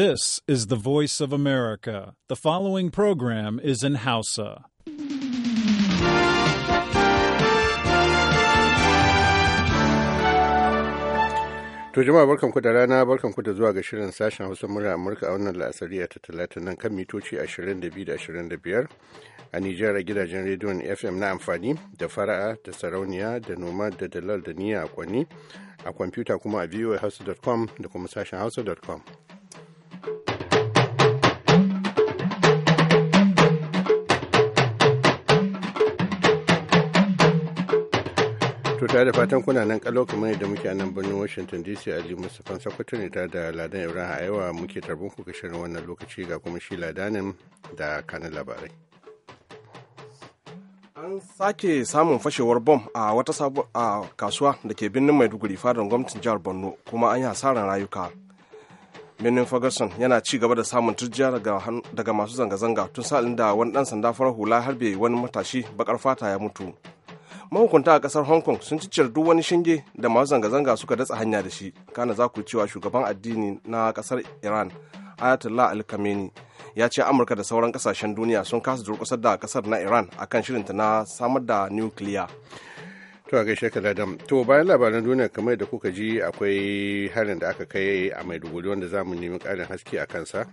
This is the voice of America. The following program is in Hausa. To jama'a barkanku da rana barkanku da zuwa ga shirin sashen Hausa murya Amurka a wannan la'asari ta talata nan kan mitoci 22 da 25 a Nijar a gidajen rediyon FM na amfani da fara'a da sarauniya da noma da dalal da niyya a kwanni a kwamfuta kuma a voahouse.com da kuma sashen hausa.com. To tare da fatan kuna nan kalau kamar da muke nan birnin Washington DC Ali Mustapha Sokoto ne tare da Ladan Ibrahim yawa muke tarbin ku shirin wannan lokaci ga kuma shi Ladanin da kanin labarai. An sake samun fashewar bom a wata a kasuwa da ke birnin Maiduguri fadar gwamnatin jihar Borno kuma an yi hasarar rayuka. Birnin Ferguson yana ci gaba da samun turjiya daga masu zanga-zanga tun sa'ilin da wani dan sanda farar hula harbe wani matashi bakar fata ya mutu. mahukunta a kasar hong kong sun ciccire duk wani shinge da masu zanga-zanga suka datsa hanya da shi kana za ku cewa shugaban addini na kasar iran ayatollah al khamenei ya ce amurka da sauran kasashen duniya sun kasa durkusar da kasar na iran akan shirinta na samar da nukiliya To a gaishe ka Ladam. To bayan labaran duniya kamar da kuka ji akwai harin da aka kai a Maiduguri wanda za mu nemi ƙarin haske a kansa.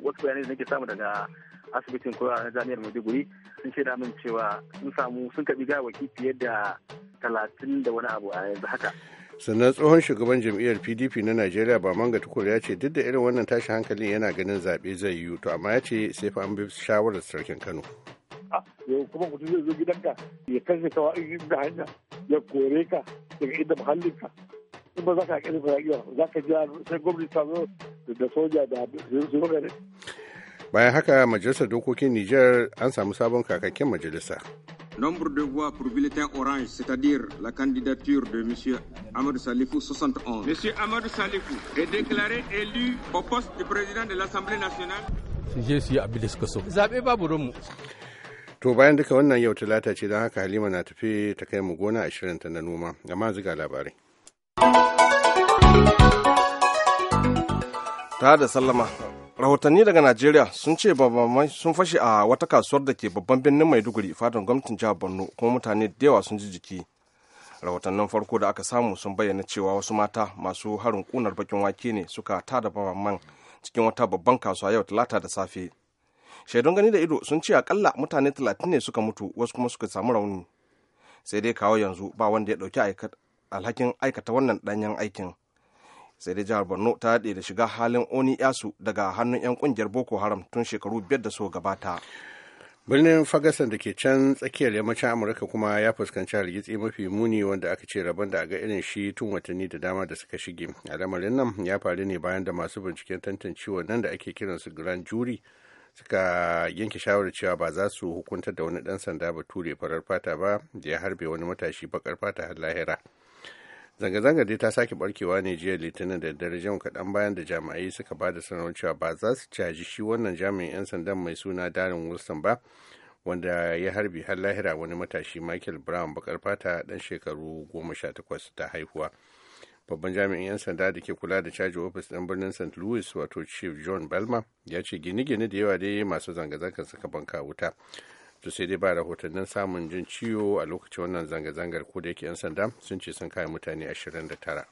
Wasu bayanai da nake samu daga asibitin koyarwa na jami'ar maiduguri sun ce min cewa sun samu sun kabi gawaki fiye da talatin da wani abu a yanzu haka sannan tsohon shugaban jam'iyyar pdp na najeriya ba manga tukur ya ce duk da irin wannan tashi hankali yana ganin zaɓe zai yiwu to amma ya ce sai fa an bi shawarar sarkin kano kuma mutum zai zo gidanka ya kashe ka wa da hanya ya kore ka daga inda ka in ba za ka haƙi da za ka jira sai gwamnati ta zo da soja da zirga bayan haka majalisar dokokin niger an samu sabon kakakken majalisa Nombre de voix pour bulletin orange, c'est-à-dire la candidature de monsieur Amadou Salifou, 71. monsieur Amadou Salifou est déclaré élu au poste de président de l'Assemblée nationale. Je suis Abidis Koso. Zaɓe babu mu. To bayan duka wannan yau talata ce don haka Halima na tafi ta kai mu gona 20 ta na noma, amma ziga labarai. Ta da sallama rahotanni daga najeriya sun ce babamai sun fashe a wata kasuwar da ke babban birnin maiduguri fatan gwamnatin jihar borno kuma mutane da yawa sun ji jiki rahotannin farko da aka samu sun bayyana cewa wasu mata masu harin kunar bakin wake ne suka tada man cikin wata babban kasuwa yau talata da safe shaidun gani da ido sun ce akalla mutane talatin ne suka mutu wasu kuma suka samu rauni sai dai kawo yanzu ba wanda ya dauki alhakin aikata wannan ɗanyen aikin sai dai jihar borno ta daɗe da shiga halin oni yasu daga hannun 'yan kungiyar boko haram tun shekaru biyar da so gabata birnin fagasan da ke can tsakiyar yammacin amurka kuma ya fuskanci hargitsi mafi muni wanda aka ce rabon da aga irin shi tun watanni da dama da suka shige lamarin nan ya faru ne bayan da masu binciken tantancewa nan da ake kiransu grand jury suka yanke shawarar cewa ba za su hukuntar da wani dan sanda ba ture farar fata ba da ya harbe wani matashi bakar fata har lahira zanga-zanga dai ta sake barkewa ne jiya litinin da dare kaɗan bayan da jami'ai suka ba da sanarwar cewa ba za su caji shi wannan jami'in 'yan sandan mai suna darin wilson ba wanda ya harbi har lahira wani matashi michael brown bakar fata dan shekaru goma sha takwas ta haihuwa babban jami'in 'yan sanda da ke kula da caji ofis ɗin birnin st louis wato chief john belma ya ce gine-gine da yawa dai masu zanga-zangar suka banka wuta to sai dai ba rahotannin samun jin ciwo a lokacin wannan zanga-zangar ko da yake 'yan sanda sun ce sun kai mutane 29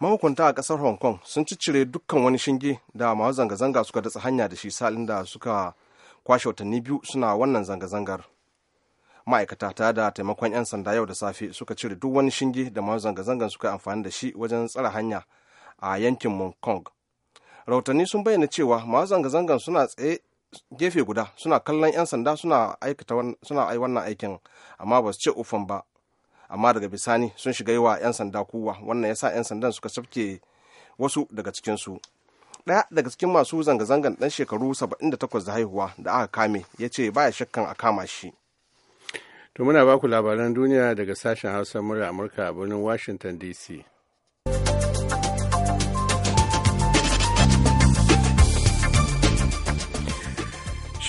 mahukunta a kasar hong kong sun ciccire dukkan wani shinge da masu zanga-zanga suka datsa hanya da shi salin da suka kwashe watanni biyu suna wannan zanga-zangar ma'aikata ta da taimakon 'yan sanda yau da safe suka cire duk wani shinge da masu zanga-zangar suka amfani da shi wajen tsara hanya a yankin hong kong rahotanni sun bayyana cewa masu zanga-zangar suna tsaye gefe guda suna kallon 'yan sanda suna ai wannan aikin amma ba su ce ufan ba amma daga bisani sun shiga yi wa 'yan sanda kowa wannan ya sa 'yan sandan suka safke wasu daga cikinsu ɗaya daga cikin masu zanga-zangan ɗan shekaru 78 da haihuwa da aka kame ya ce baya shakkan a kama shi to muna baku labaran duniya daga sashen hausa murya amurka a birnin washington dc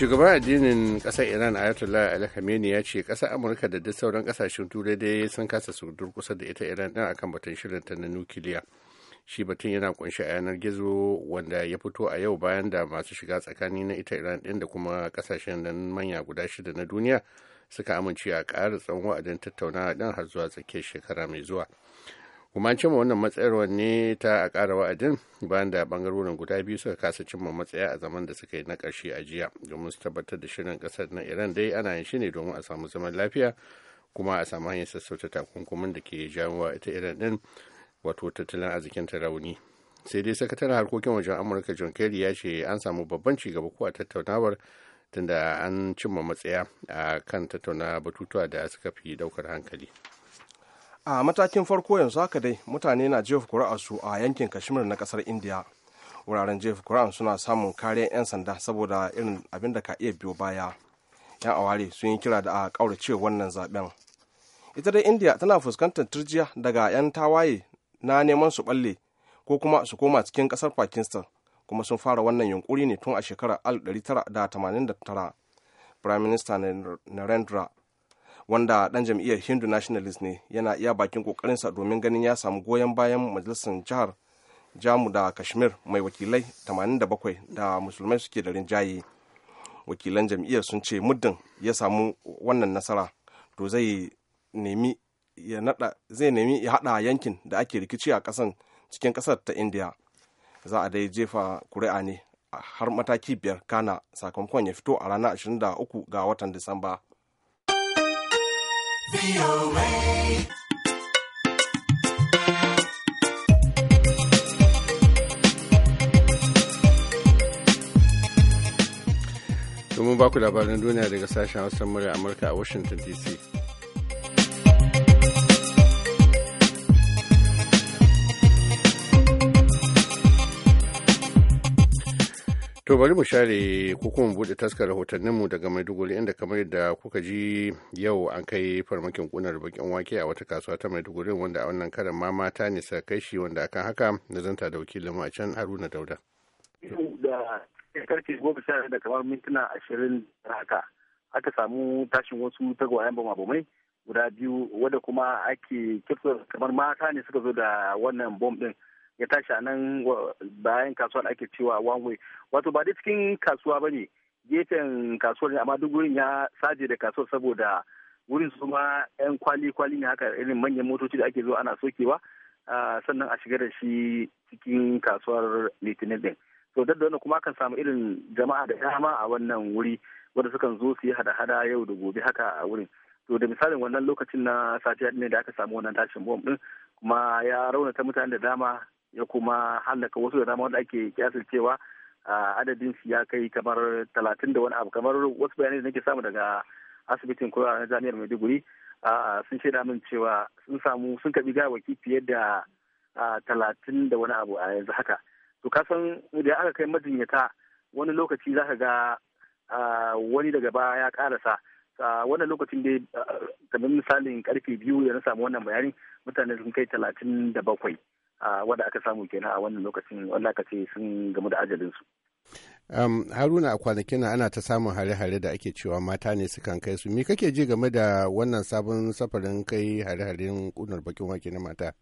shugaban addinin kasar iran ayatollah ali khamenei ya ce kasar amurka da duk sauran kasashen turai dai sun kasa su durkusa da ita iran ɗin akan batun shirin ta na nukiliya shi batun yana kunshi a yanar gizo wanda ya fito a yau bayan da masu shiga tsakani na ita iran ɗin da kuma kasashen nan manya guda shida na duniya suka amince a ƙara tsawon wa'adin tattaunawa din har zuwa tsakiyar shekara mai zuwa kuma an cimma wannan matsayarwar ne ta a kara wa'adin bayan da bangarorin guda biyu suka kasa cimma matsaya a zaman da suka yi na karshe a jiya domin su tabbatar da shirin ƙasar na iran dai ana yin shi ne domin a samu zaman lafiya kuma a samu hanyar sassauta takunkumin da ke jawo ita iran din wato tattalin arzikin ta rauni sai dai sakataren harkokin wajen amurka john kerry ya ce an samu babban cigaba ko a tattaunawar tunda an cimma matsaya a kan tattauna batutuwa da suka fi daukar hankali. a matakin farko yanzu haka dai mutane na jefa kuri'arsu a yankin kashmir na kasar india wuraren jefa kuri'ar suna samun kariyar 'yan sanda saboda irin abin da ka iya biyo baya yan aware sun yi kira da a kaurace wannan zaben ita dai india tana fuskantar turjiya daga 'yan tawaye na neman su balle ko kuma su koma cikin kasar pakistan kuma sun fara wannan yunkuri ne tun a shekarar 1989 prime minister narendra wanda dan jam'iyyar hindu nationalist ne yana iya bakin sa domin ganin ya samu goyon bayan majalisar jihar jamu da kashmir mai wakilai 87 da musulmai suke da rinjaye wakilan jam'iyyar sun ce muddin ya samu wannan nasara to zai nemi ya nada zai nemi ya hada yankin da ake rikici a kasan cikin kasar ta india za a dai jefa kuri'a ne har mataki biyar kana sakamakon ya fito a ranar 23 ga watan disamba domin baku labaran duniya daga sashen hausa murya amurka a washington dc To bari mu share ko kuma buɗe taskar rahotanninmu daga Maiduguri inda kamar da kuka ji yau an kai farmakin kunar bakin wake a wata kasuwa ta Maiduguri wanda a wannan karan ma mata ne sa kai shi wanda akan haka na zanta da wakilinmu a can Haruna Dauda. Da karfe goma sha da kamar mintuna ashirin haka aka samu tashin wasu tagwayen bama-bamai guda biyu wadda kuma ake kirsa kamar mata ne suka zo da wannan bom din ya tashi a nan bayan kasuwar da ake cewa one way wato ba dai cikin kasuwa ba ne gefen kasuwar ne amma duk wurin ya saje da kasuwar saboda wurin su ma yan kwali kwali ne haka irin manyan motoci da ake zuwa ana sokewa sannan a shiga da shi cikin kasuwar litinin din to da wannan kuma akan samu irin jama'a da dama a wannan wuri wanda sukan zo su yi hada-hada yau da gobe haka a wurin to da misalin wannan lokacin na safiya ne da aka samu wannan tashin bom din kuma ya raunata mutane da dama ya kuma hallaka wasu da dama wanda ake kiyasar cewa adadin su ya kai kamar talatin da wani abu kamar wasu bayanai da nake samu daga asibitin kula na jami'ar maiduguri sun shaida min cewa sun samu sun kaɓi gawaki fiye da talatin da wani abu a yanzu haka to ka san da aka kai majinyata wani lokaci za ka ga wani daga baya ya karasa wannan lokacin dai kamar misalin karfe biyu da na samu wannan bayani mutane sun kai talatin da bakwai wadda aka samu kenan a wannan lokacin wanda aka ce sun gamu da ajalinsu. Um, haruna a kwanakin ana ta samun hare-hare da ake cewa mata ne sukan kai su me kake ji game da wannan sabon safarin kai hare-haren kunar bakin wake na mata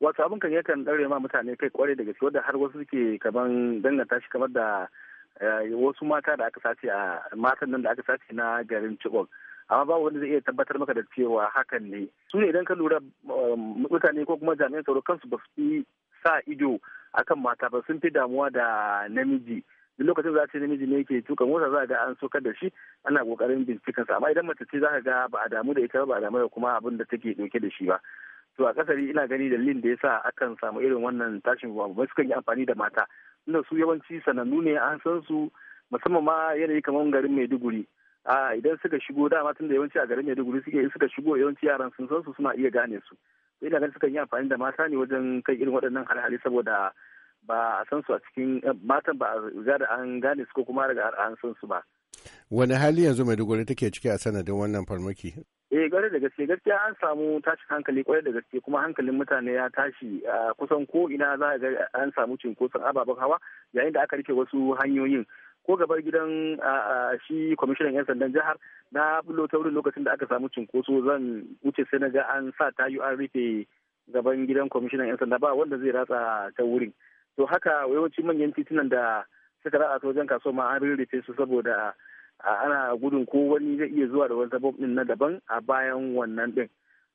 wato abin kan yakan ɗaure ma mutane kai kwarai da gaske wadda har wasu suke kaman danganta shi kamar da eh, wasu mata da aka sace a matan nan da aka sace na garin Chibok amma babu wanda zai iya tabbatar maka da cewa hakan ne su ne idan ka lura um, mutane ko kuma jami'an tsaro kansu ba su fi sa ido akan mata ba sun fi damuwa da namiji duk lokacin za a ce namiji ne ke tuka mota za a ga an sokar da shi ana kokarin bincikan sa amma idan mace ce za ka ga ba a damu da ita ba a damu da kuma abin da take dauke da shi ba to a kasari ina gani dalilin da ya yasa akan samu irin wannan tashin ruwa ba sukan yi amfani da mata inda su yawanci sanannu ne an san su musamman ma yanayi kamar garin maiduguri a idan suka shigo dama tun da yawanci a garin Maiduguri suke suka shigo yawanci yaran sun san su suna iya gane su ina ganin sukan yi amfani da mata ne wajen kai irin waɗannan hali saboda ba a san su a cikin eh, matan ba a riga da an gane su ko kuma daga an san su ba wani hali yanzu Maiduguri take ciki a sanadin wannan farmaki eh gare da gaske gaskiya an samu tashin hankali kwarai da gaske kuma hankalin mutane ya tashi kusan ko ina za a ga an samu cinkoson ababen hawa yayin da aka rike wasu hanyoyin ko gabar gidan shi kwamishinan 'yan sandan jihar na bullo ta wurin lokacin da aka samu cunkoso zan wuce sai na ga an sa ta tayu an rufe gaban gidan kwamishinan 'yan sanda ba wanda zai ratsa ta wurin to haka yawanci manyan titunan da suka ratsa ta wajen kasuwa ma an rurrufe su saboda ana gudun ko wani zai iya zuwa da wani sabon din na daban a bayan wannan din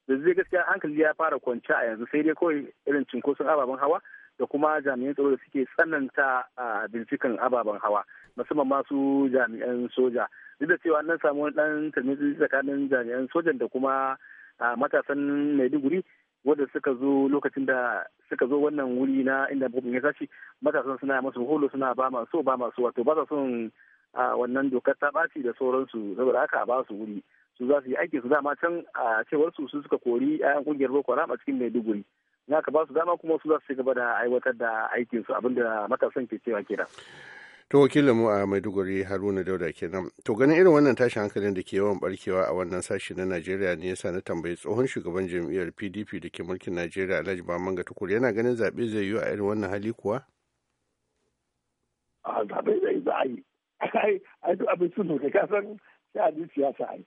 da zai gaskiya hankali ya fara kwanci a yanzu sai dai kawai irin cunkoson ababen hawa da kuma jami'an tsaro da suke tsananta a ah, binciken ababen hawa musamman masu jami'an soja duk da cewa nan samu wani dan tarmitsi tsakanin jami'an sojan da kuma ah, matasan maiduguri wanda suka zo lokacin da suka zo wannan wuri na inda bukun ya tashi matasan suna masu holo suna ba ma so ba ma so wato ba sa son ah, wannan dokar ta ɓaci da sauransu saboda haka ba su wuri su za su yi aiki su dama can a cewar su su suka kori 'ya'yan kungiyar boko haram a cikin maiduguri ya ka ba su dama kuma su za su gaba da aiwatar da aikinsu abinda matasan ke cewa kenan. to wakilinmu a maiduguri haruna dauda kenan to ganin irin wannan tashin hankalin da ke yawan barkewa a wannan sashi na najeriya ne yasa na tambayi tsohon shugaban jam'iyyar pdp da ke mulkin najeriya alhaji bamanga tukur yana ganin zaɓe zai yi a irin wannan hali kuwa a zaɓe zai za a yi ai duk abin sun da kasan sai a ji siyasa ai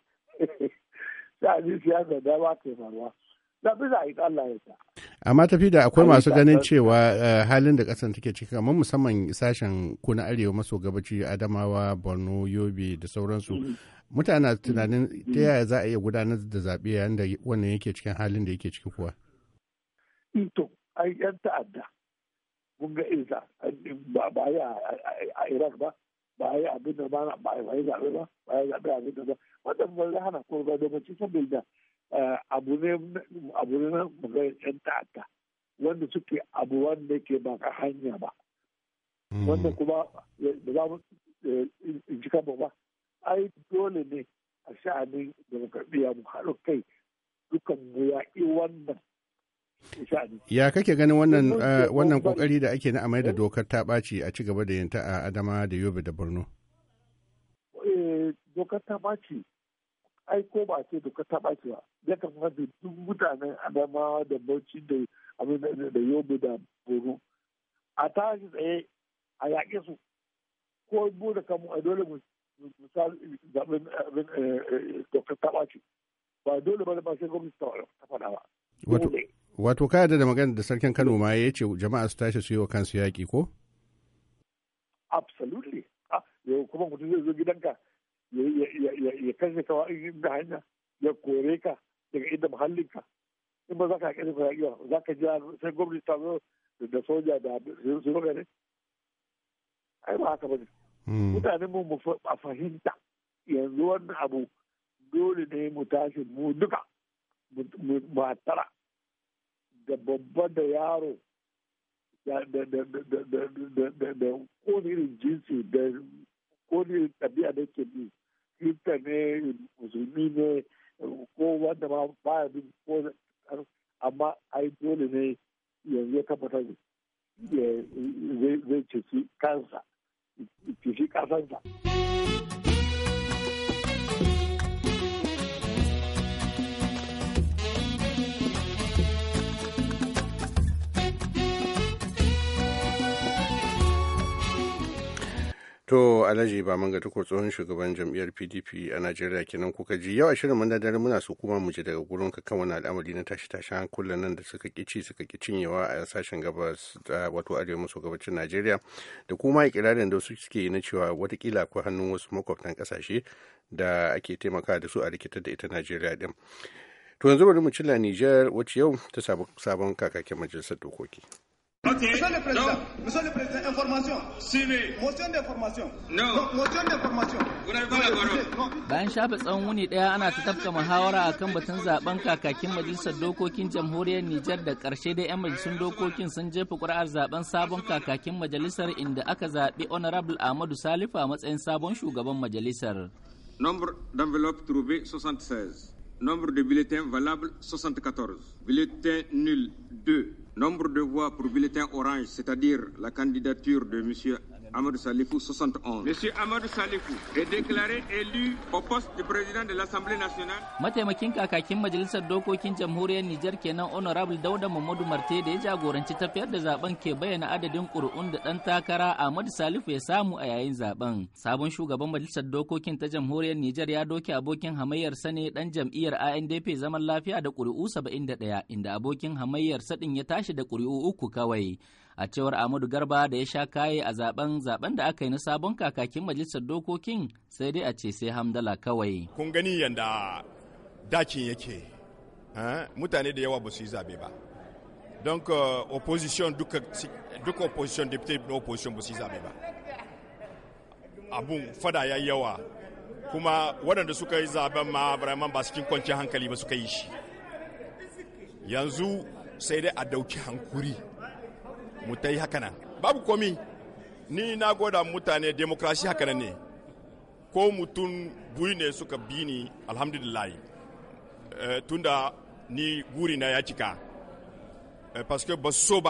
sai a ji siyasa da ba ta faruwa zaɓe za a yi allah ya ta amma tafi da akwai masu ganin cewa eh, halin da kasan take ciki kamar musamman sashen kuna arewa maso gabaci adamawa borno yobe da sauransu mm-hmm. mutane mm-hmm. tunanin ta mm-hmm. yaya za a iya gudanar da zaɓe yayin da wannan yake cikin halin da yake ciki kuwa mm, to ai yan ta'adda kun ga ba ba ya a iraq ba ba ya abin da ba ba ya zaɓe ba ba ya zaɓe abin da ba wanda ba za hana ko ba da mace saboda Eh, abu ne abu ne na yan ta'adda wanda suke abu wanda ke ba ka hanya ba hmm. wanda kuma da eh, za mu eh, ji kama ba ai dole ne a sha'anin demokradiyya mu haɗu kai dukan mu ya yi wannan Ya kake ganin wannan wannan da ake na amai da dokar ta ɓaci a ci gaba da yinta a Adama da Yobe da Borno? Dokar ta ɓaci ai ko ba ce doka ta ɓaci ba ya kamata duk mutanen adamawa da bauchi da da yobe da boro a shi tsaye a yaƙe su ko mu da kanmu a dole mu zaɓen eh, eh, doka ta ɓaci ba dole ba da ba sai gwamnati ta faɗa ba. Wato ka yadda da magana da sarkin Kano ma ya ce jama'a su tashi su yi wa kansu yaƙi ko? Absolutely. Ah, yau kuma mutum zai zo gidanka ya kashe ka da hanya ya kore ka daga inda muhallinka in ba za ka haƙe ka haƙe za ka jira sai gwamnati ta zo da soja da su maka ne ai ba haka ba ne mutanen mu a fahimta yanzu wannan abu dole ne mu tashi mu duka mu matara da babba da yaro da kone irin jinsi da kone irin da ke bi kirista ne musulmi ne ko wanda ma baya bin ko amma ai dole ne yanzu ya tabbatar zai ceci kansa ceci kasansa. To Alhaji ba manga tukur tsohon shugaban jam'iyyar PDP a Najeriya kenan kuka ji yau a shirin mun dare muna su kuma mu je daga gurin ka kan wani al'amari na tashi tashi hankulan nan da suka kici suka ki cinyewa a sashen gabas wato arewa maso gabacin Najeriya da kuma a ikirarin da wasu suke yi na cewa watakila akwai hannun wasu makwabtan kasashe da ake taimaka da su a rikitar da ita Najeriya din. To yanzu bari mu cilla Niger wacce yau ta sabon kakakin majalisar dokoki. Okay. Monsieur le Président, non. Monsieur le Président, information. Suivez. Motion d'information. Non. non. Motion d'information. Vous n'avez pas la parole. Bayan shafe tsawon wuni daya ana ta tafka muhawara a kan batun zaben kakakin majalisar dokokin jamhuriyar Nijar da karshe da 'yan majalisun dokokin sun jefa ƙuri'ar zaben sabon kakakin majalisar inda aka zaɓi Honorable Ahmadu Salifa a matsayin sabon shugaban majalisar. Nombre d'enveloppe trouvé 76. Nombre de bulletins valable 74. Bulletin nul 2. Nombre de voix pour bulletin orange, c'est-à-dire la candidature de M. Amadou Salifou, 71. Monsieur Amadou Salifou est déclaré élu au poste de président de l'Assemblée nationale. Mataimakin kakakin Majalisar Dokokin Jamhuriyar Nijar kenan Honorable Dauda Mamadou Marte da ya jagoranci tafiyar da zaben ke bayyana adadin ƙuri'un da ɗan takara Ahmadu Salifu ya samu a yayin zaben. Sabon shugaban Majalisar Dokokin ta Jamhuriyar Nijar ya doke abokin hamayyar ne dan jam'iyyar ANDP zaman lafiya da ƙuri'u 71 inda abokin hamayyar sa sadin ya tashi da ƙuri'u uku kawai. a cewar Amadu Garba da ya sha kaye a zaben zaben da aka yi na sabon kakakin majalisar dokokin sai dai a ce sai hamdala kawai. Kun gani yanda dakin yake eh? mutane da yawa ba su yi zabe ba. Don opposition duka opposition deputy na opposition ba su yi zabe ba. Abun fada ya yawa kuma waɗanda suka yi zaben ma vraiment ba cikin kwanciyar hankali ba suka yi shi. Yanzu sai dai a dauki hankuri. mutai hakana babu komi ni na goda mutane demokrasi hakana ne ko mutun buri ne suka bini alhamdulillah alhamdulillahi eh, tunda ni guri na ya cika eh, parce que ba so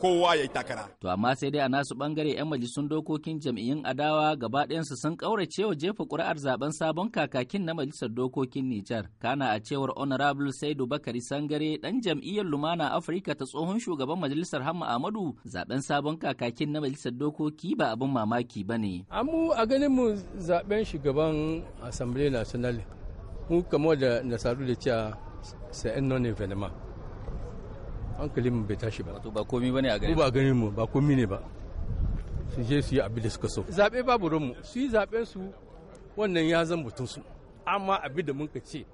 kowa ya yi takara. To amma sai dai a nasu bangare 'yan majalisun dokokin jam'iyyun adawa gaba ɗayansu sun ƙaurace wa jefa ƙuri'ar zaben sabon kakakin na majalisar dokokin Nijar. Kana a cewar Honorable Saidu Bakari Sangare ɗan jam'iyyar Lumana Afirka ta tsohon shugaban majalisar Hamma Ahmadu zaben sabon kakakin na majalisar dokoki ba abin mamaki ba ne. Amu a ganin mu zaben shugaban Assembly National mu kamar da nasaru da cewa sa'in non evenement hankalin mu bai tashi ba wato ba komi bane a garin ba ganin mu ba komi ne ba su je su yi abin da suka so zabe babu ranmu su yi zaben su wannan ya zan mutum su amma abin da mun ka ce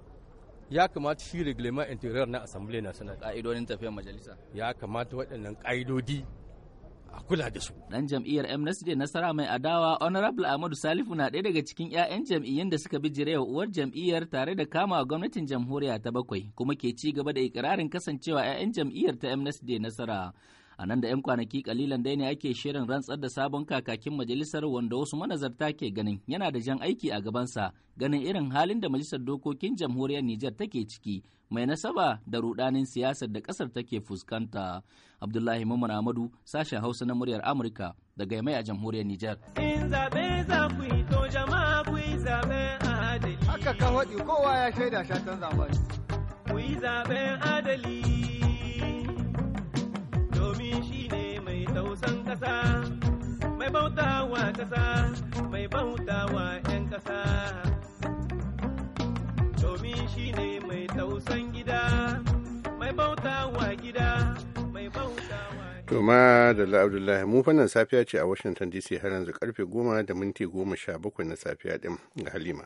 ya kamata shi reglement interior na assemblée nationale ka'idodin tafiyar majalisa ya kamata waɗannan ƙa'idodi a kula da su. Dan jam'iyyar Amnesty Nasara mai adawa Honorable Ahmadu Salifu na ɗaya daga cikin 'ya'yan jam'iyyun da suka jirai wa uwar jam'iyyar tare da kama gwamnatin jamhuriya ta bakwai kuma ke ci gaba da ikirarin kasancewa 'ya'yan jam'iyyar ta Amnesty Nasara. A nan da 'yan kwanaki kalilan dai ne ake shirin rantsar da sabon kakakin majalisar wanda wasu manazarta ke ganin yana da jan aiki a gabansa ganin irin halin da majalisar dokokin jamhuriyar Nijar take ciki mai nasaba da rudanin siyasar da kasar take fuskanta. Abdullahi Mamman Amadu sashen Hausa na muryar Amurka daga mai a jamhuriyar Nijar. In Haka ka kowa ya shaida shatan zaɓen. Ku yi zaɓen adali. domin shi ne mai tausan ƙasa, mai bautawa ƙasa, mai bautawa 'yan ƙasa. Toma da Abdullahi mu fannin safiya ce a Washington DC har yanzu karfe goma da minti goma sha bakwai na safiya din ga Halima.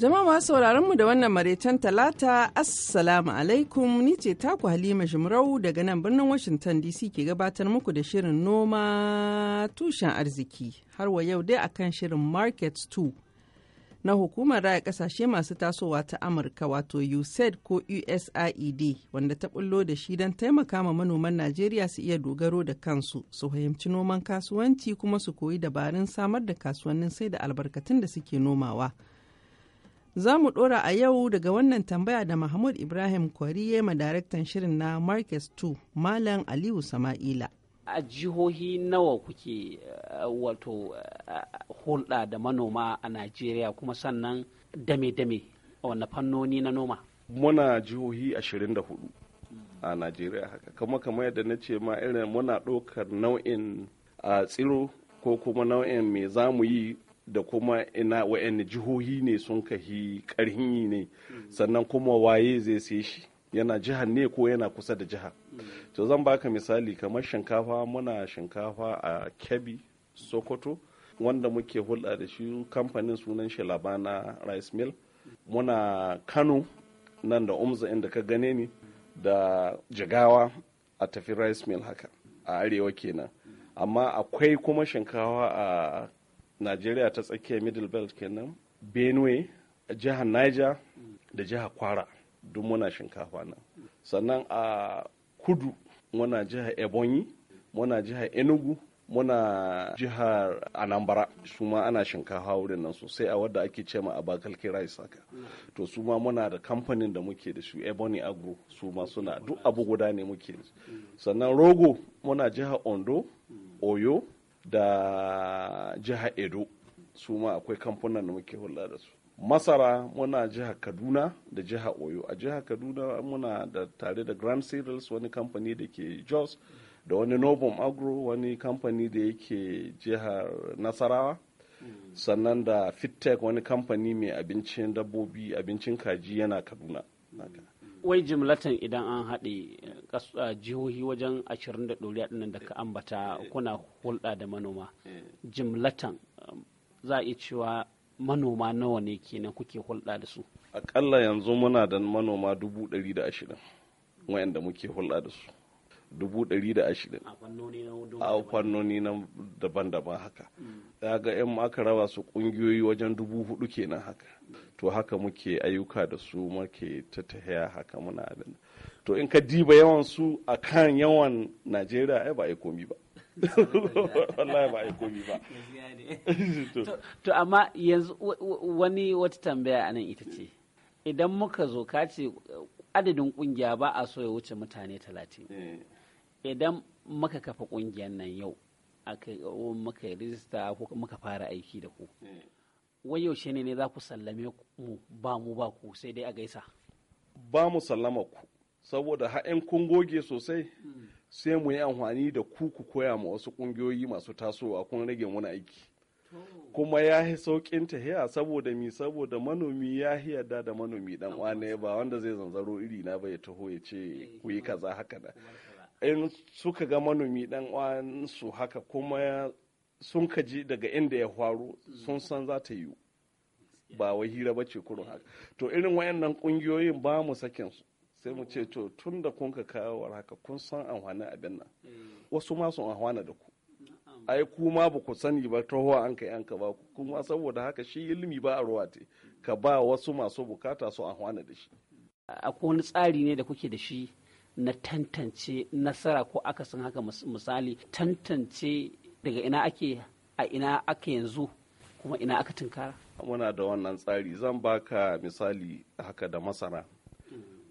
Jama'a masu sauraron mu da wannan maraicen talata assalamu alaikum ni ce taku Halima Jimrau daga nan birnin Washington DC ke gabatar muku da shirin noma tushen arziki har wa yau dai akan shirin market 2 na hukumar raya kasashe masu tasowa ta Amurka wato USAID ko USAID wanda ta bullo da shi don taimaka ma manoman Najeriya su iya dogaro da kansu su fahimci noman kasuwanci kuma su koyi dabarun samar da kasuwannin sai da albarkatun da suke nomawa. Za mu ɗora a yau daga wannan tambaya da Mahmud Ibrahim Kwariye ma daraktan shirin na Marcus 2, Malam Aliyu Sama'ila. A jihohi nawa kuke eh, wato eh, hulɗa da manoma a Najeriya kuma sannan dame-dame a wanne fannoni na noma? Muna jihohi 24 a Najeriya haka. Kama kamar yadda na ce ma irin muna ɗaukar nau'in a eh, tsiro ko kuma nau'in me za mu yi da kuma ina wa'yan jihohi ne sun kahi karhin yi ne sannan kuma waye zai sai shi yana jiha ne ko yana kusa da jiha to zan baka misali kamar shinkafa muna shinkafa a kebbi sokoto wanda muke hulɗa da shi kamfanin sunan shi labana rice mill muna kano nan da umza inda ka gane ni da jigawa a tafi rice mill haka a arewa kenan amma akwai kuma shinkawa a najeriya ta tsakiyar middle belt kenan benue jihar niger da jihar kwara duk muna shinkafa nan sannan a kudu muna jihar ebonyi muna jihar enugu muna jihar anambra su ma ana shinkafa wurin nan sosai a wadda ake ce ma abakalki rice haka to su ma muna da kamfanin da muke da su ebony agro su ma suna duk abu guda ne muke da sannan rogo muna jihar ondo oyo da jiha edo su ma akwai kamfunan da muke hulɗa da su masara muna jiha kaduna da jiha oyo a jiha kaduna muna da tare da grand cereals wani kamfani da ke jos da wani novum agro wani kamfani da yake jihar nasarawa sannan da fittech wani kamfani mai abincin dabbobi abincin kaji yana kaduna wai jimlatan idan an haɗe eh, eh, jihohi wajen ashirin da ɗoriya ɗinnan da ka ambata kuna hulɗa da manoma jimlatan eh, za a iya cewa manoma nawa ne kenan kuke hulɗa da su aƙalla yanzu muna da manoma dubu ɗari da ashirin wayanda muke hulɗa da su dubu da ashirin a fannoni na daban-daban haka mm. ga 'yan aka raba su ƙungiyoyi wajen dubu hudu kenan haka to haka muke ayyuka da su muke haya haka muna abin to in ka diba yawan su a kan yawan najeriya ai ba ai komi ba wallahi ba ai komi ba to amma yanzu wani wata tambaya anan ita ce idan muka zo ka ce adadin kungiya ba a so ya wuce mutane talatin eh. idan muka kafa ƙungiyar nan yau aka muka rijista ko muka fara aiki da ku wai yaushe ne ne za ku sallame mu ba mu ba ku sai dai a gaisa ba mu sallama ku saboda ha'in kun goge sosai sai mu yi amfani da ku ku koya ma wasu ƙungiyoyi masu tasowa kun rage muna aiki kuma ya yi ta tahiya saboda mi saboda manomi ya yi yadda da manomi dan wane ba wanda zai zanzaro iri na bai taho ya ce ku yi kaza haka da in suka ga manomi dan su haka kuma sun kaji daga inda ya faru sun san za ta yiwu ba wa hira ba ce kurun haka to irin wayannan kungiyoyin ba mu sakin su sai mu ce to tun da kun ka kawo haka kun san amfanin abin nan mm. wasu ma sun amfana da ku ai ku ma ba ku sani ba ta an kai an ka ba ku kuma saboda haka shi ilimi ba a ruwa te ka ba wasu masu bukata su amfana da shi akwai wani tsari ne da kuke da shi na tantance nasara ko akasin haka misali tantance daga ina ake a ina aka yanzu kuma ina aka tunkara muna da wannan tsari zan baka misali haka da masara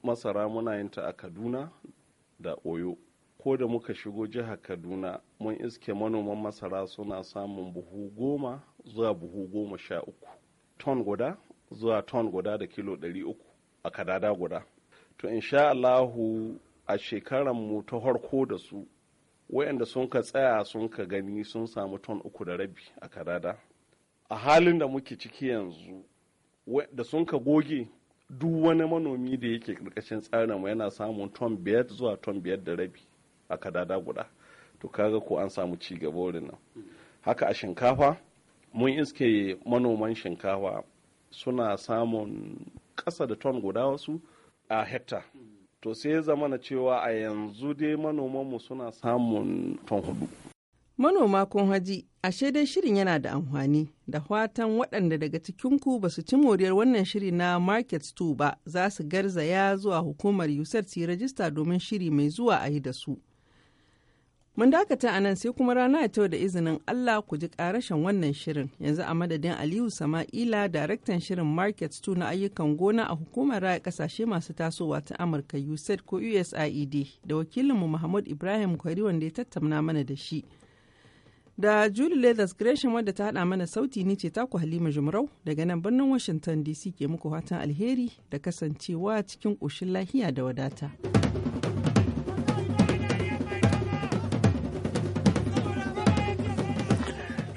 masara muna yin ta a kaduna da oyo ko da muka shigo jihar kaduna mun iske manoman masara suna samun buhu goma zuwa buhu goma sha uku ton guda zuwa ton guda da kilo ɗari uku a kadada guda to insha allahu a shekaran mu ta harko da su wayanda sun ka tsaya sun ka gani sun samu ton uku da rabi a kadada a halin da muke ciki yanzu da sun ka goge duk wani manomi da yake karkashin tsarin yana samun ton biyar zuwa ton biyar da rabi a kadada guda to kaga ko an samu ci gaba wurin nan haka a shinkafa mun iske manoman shinkafa suna samun ƙasa da ton guda wasu a hekta to sai ya zamana cewa a yanzu dai manomanmu suna samun ton hudu. Manoma kun haji, ashe dai shirin yana da amfani, da fatan waɗanda daga cikinku ba su ci moriyar wannan shiri na Market 2 ba za su garzaya zuwa hukumar USAID su yi rajista domin shiri mai zuwa a yi da su. Mun dakata a nan sai kuma rana ta da izinin Allah ku ji karashen wannan shirin yanzu a madadin Aliyu Sama'ila daraktan shirin Market 2 na ayyukan gona a hukumar raya kasashe masu tasowa ta Amurka USAID ko USAID da wakilinmu Muhammad Ibrahim Kwari wanda ya tattauna mana da shi. Da Julie Leathers Gresham wadda ta haɗa mana sauti ni ce taku Halima Jumrau daga nan birnin Washington DC ke muku fatan alheri da kasancewa cikin ƙoshin lahiya da wadata.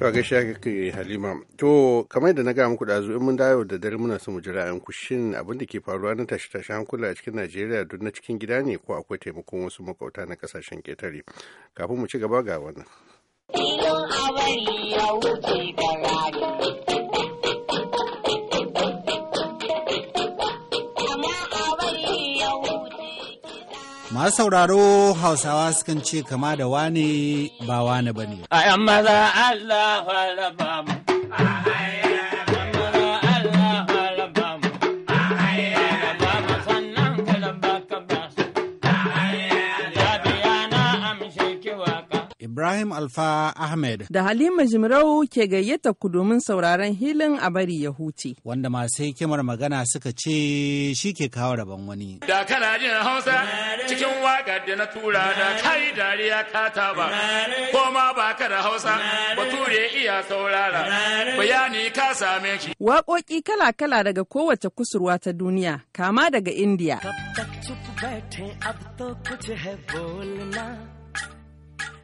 To gaishe kake Halima. To kamar da na ga muku ɗazu in mun dawo da dare muna son mu jira an kushin abin da ke faruwa na tashi tashi hankula a cikin Najeriya duk na cikin gida ne ko akwai taimakon wasu makauta na kasashen ketare. Kafin mu ci gaba ga wannan. Masu sauraro Hausawa sukan ce kama da wane ba wane ba ne. A ‘yan maza Allah ba mu. Ibrahim Alfa Ahmed. Da Halima Jimrau ke gayyata ku domin sauraron hilin a bari ya huce. Wanda masu hikimar magana suka ce shi ke kawo rabon wani. Da kana jin Hausa cikin waka da na tura da kai dariya ka taba. Ko ma ba ka da Hausa bature iya saurara. Bayani ka same shi. Waƙoƙi kala-kala daga kowace kusurwa ta duniya kama daga Indiya.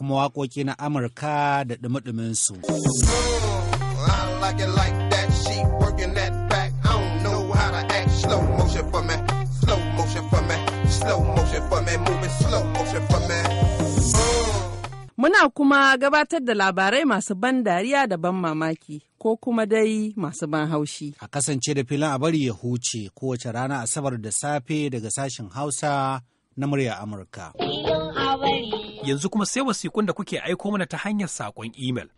kuma waƙoƙi na Amurka da ɗumi su. Oh, oh. Muna kuma gabatar da labarai masu ban dariya da ban mamaki ko kuma dai masu ban haushi. A kasance da filin a bari ya huce kowace rana Asabar da safe daga sashen Hausa na murya Amurka. yanzu kuma sai wasikun da kuke aiko mana ta hanyar saƙon imel.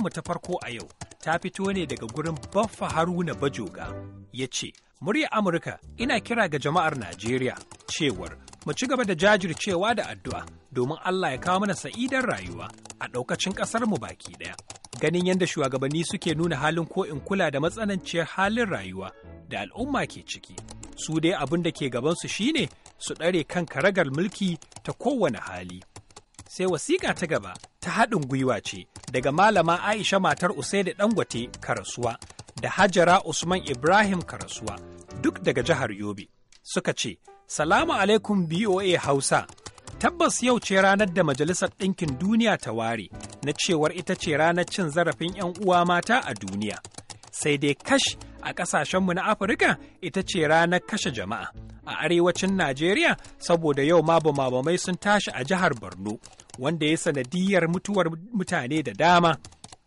mu ta farko a yau ta fito ne daga gurin Baffa Haruna Bajoga ya ce, Murya Amurka ina kira ga jama'ar Najeriya cewar mu ci gaba da jajircewa da addu'a domin Allah ya kawo mana sa'idar rayuwa a ɗaukacin ƙasarmu baki ɗaya. Ganin yadda shugabanni suke nuna halin ko in kula da matsananciyar halin rayuwa da al'umma ke ciki. su dai abin da ke gabansu shine su ɗare kan karagar mulki ta kowane hali. Sai wasiƙa ta gaba ta haɗin gwiwa ce daga malama Aisha matar Usai da Dangote Karasuwa da Hajara Usman Ibrahim Karasuwa duk daga jihar Yobe. Suka ce, Salamu alaikum BOA Hausa, tabbas yau ce ranar da Majalisar Ɗinkin Duniya ta ware na cewar ita ce ranar cin zarafin 'yan uwa mata a duniya. sai dai kash a ƙasashenmu na Afirka ita ce ranar kashe jama'a. A arewacin Najeriya saboda yau mabamabamai sun tashi a jihar Borno wanda ya sanadiyar mutuwar mutane da dama.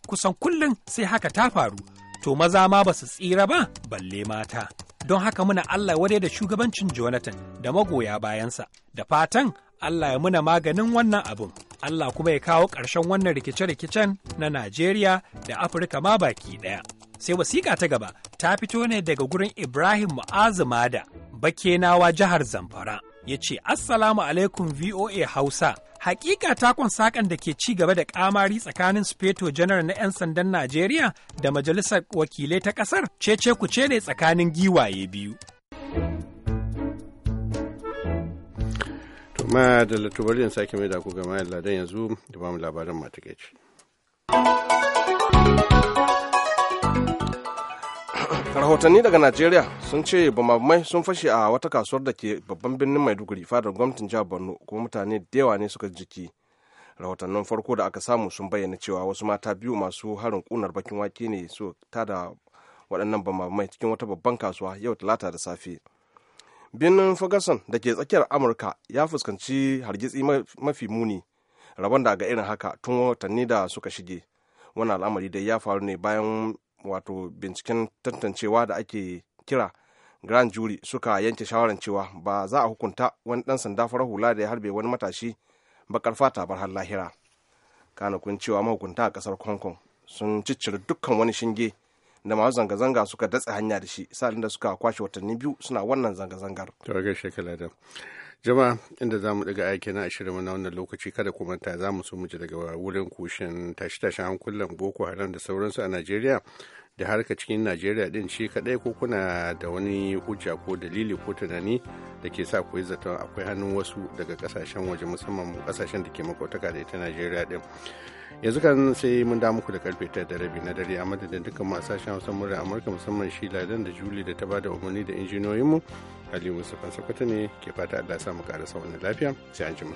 Kusan kullum sai haka ta faru, to maza ma ba su tsira ba balle mata. Don haka muna Allah wadai da shugabancin Jonathan da magoya bayansa, da fatan Allah ya muna maganin wannan abin. Allah kuma ya kawo ƙarshen wannan rikice-rikicen na Najeriya da Afirka ma baki ɗaya. sai wasiƙa ta gaba ta fito ne daga gurin ibrahim mu'azuma da bakenawa jihar zamfara ya ce assalamu alaikum voa hausa hakika takon sakan da ke ci gaba da ƙamari tsakanin speto janar na 'yan sandan najeriya da majalisar wakilai ta kasar cece kuce ne tsakanin giwaye biyu ma da latubar yin sake mai da ku gama yalla don yanzu da ba mu labarin matakaici. rahotanni daga najeriya sun ce bamamai sun fashe a wata kasuwar da ke babban birnin maiduguri fadar gwamnatin jihar borno kuma mutane da yawa ne suka jiki rahotannin farko da aka samu sun bayyana cewa wasu mata biyu masu harin kunar bakin wake ne su da waɗannan bamamai cikin wata babban kasuwa yau talata da safe birnin ferguson da ke tsakiyar amurka ya fuskanci hargitsi mafi muni rabon da ga irin haka tun watanni da suka shige wannan al'amari dai ya faru ne bayan wato binciken tantancewa da ake kira grand jury suka yanke shawarar cewa ba za a hukunta wani dan sanda farar hula da ya harbe wani matashi bakar fata bar har lahira kanakun cewa mahukunta a kasar hong kong sun ciccire dukkan wani shinge da masu zanga-zanga suka datse hanya da shi sa'ilin da suka kwashe watanni biyu suna wannan zanga-zangar. jama'a inda za mu daga aiki na ashirin na wannan lokaci kada kuma manta za mu so mu ji daga wurin kushin tashe-tashen hankulan boko haram da sauransu a najeriya da harka cikin najeriya din shi kadai ko kuna da wani hujja ko dalili ko tunani da ke sa ku yi zaton akwai hannun wasu daga kasashen waje musamman kasashen da ke makwataka da ita najeriya din yanzu kan sai mun da muku da karfe ta da rabi na dare a madadin dukkan masu sashen hausa murar amurka musamman shi ladan da juli da ta bada umarni da injiniyoyinmu aliyu musa kan ne ke fata allah ya samu karasa wani lafiya sai an jima.